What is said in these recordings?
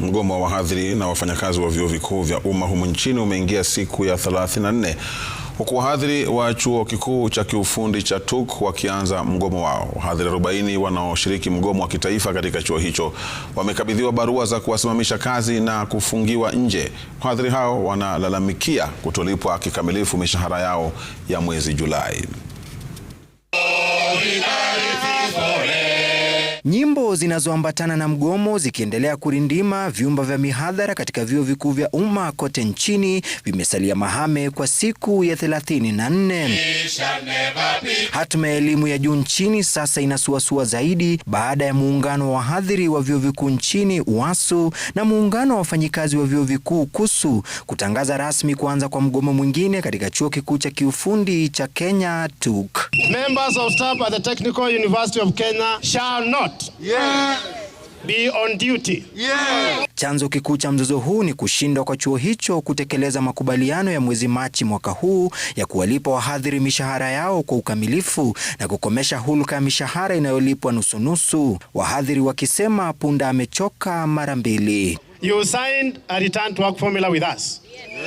Mgomo wa wahadhiri na wafanyakazi wa vyuo vikuu vya umma humu nchini umeingia siku ya 34 huku wahadhiri wa chuo kikuu cha kiufundi cha TUK wakianza mgomo wao. Wahadhiri 40 wanaoshiriki mgomo wa kitaifa katika chuo hicho wamekabidhiwa barua za kuwasimamisha kazi na kufungiwa nje. Wahadhiri hao wanalalamikia kutolipwa kikamilifu mishahara yao ya mwezi Julai. Nyimbo zinazoambatana na mgomo zikiendelea kurindima, vyumba vya mihadhara katika vyuo vikuu vya umma kote nchini vimesalia mahame kwa siku ya 34. Hatma ya elimu ya juu nchini sasa inasuasua zaidi baada ya muungano wa wahadhiri wa vyuo vikuu nchini UASU na muungano wa wafanyikazi wa vyuo vikuu KUSU kutangaza rasmi kuanza kwa mgomo mwingine katika chuo kikuu cha kiufundi cha Kenya TUK. Members of staff at the Technical University of Kenya shall not yeah. Be on duty. Chanzo kikuu cha mzozo huu ni kushindwa kwa chuo hicho kutekeleza makubaliano ya mwezi Machi mwaka huu ya kuwalipa wahadhiri mishahara yao kwa ukamilifu na kukomesha hulka ya mishahara inayolipwa nusunusu, wahadhiri wakisema punda amechoka mara mbili. You signed a return to work formula with us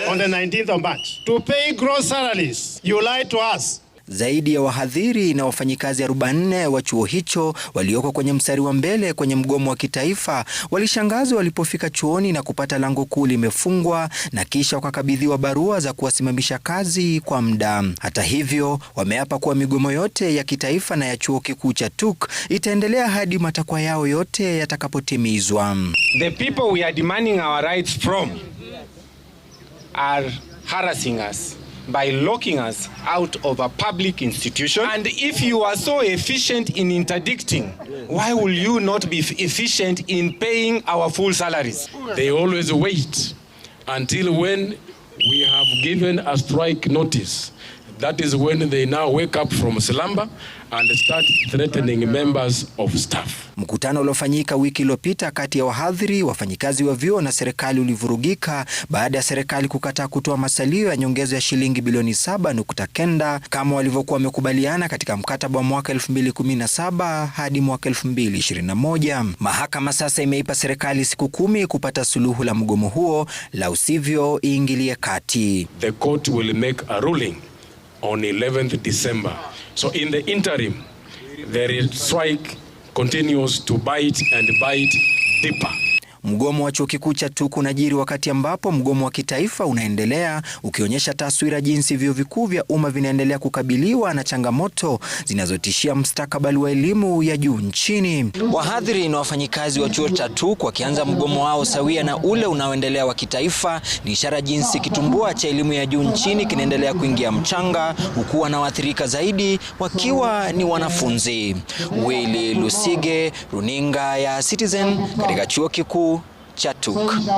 on the 19th of March to pay gross salaries. You lied to us. Zaidi ya wahadhiri na wafanyikazi 44 wa chuo hicho walioko kwenye mstari wa mbele kwenye mgomo wa kitaifa walishangazwa walipofika chuoni na kupata lango kuu limefungwa na kisha wakakabidhiwa barua za kuwasimamisha kazi kwa muda. Hata hivyo, wameapa kuwa migomo yote ya kitaifa na ya chuo kikuu cha TUK itaendelea hadi matakwa yao yote yatakapotimizwa. The people we are demanding our rights from are harassing us by locking us out of a public institution. And if you are so efficient in interdicting, why will you not be efficient in paying our full salaries? They always wait until when we have given a strike notice That is when they now wake up from slumber and start threatening members of staff. Mkutano uliofanyika wiki iliyopita kati ya wahadhiri, wafanyikazi wa vyuo na serikali ulivurugika baada ya serikali kukataa kutoa masalio ya nyongezo ya shilingi bilioni 7.9 kama walivyokuwa wamekubaliana katika mkataba wa mwaka 2017 hadi mwaka 2021. Mahakama sasa imeipa serikali siku kumi kupata suluhu la mgomo huo, la usivyo iingilie kati. The court will make a ruling. on 11th December. So in the interim, the strike continues to bite and bite deeper. Mgomo wa chuo kikuu cha tuku unajiri wakati ambapo mgomo wa kitaifa unaendelea ukionyesha taswira jinsi vyuo vikuu vya umma vinaendelea kukabiliwa na changamoto zinazotishia mstakabali wa elimu ya juu nchini. Wahadhiri na wafanyikazi wa chuo cha tuku wakianza mgomo wao sawia na ule unaoendelea wa kitaifa ni ishara jinsi kitumbua cha elimu ya juu nchini kinaendelea kuingia mchanga, huku wanaoathirika zaidi wakiwa ni wanafunzi. Willy Lusige, runinga ya Citizen, katika chuo kikuu tschadschadschuk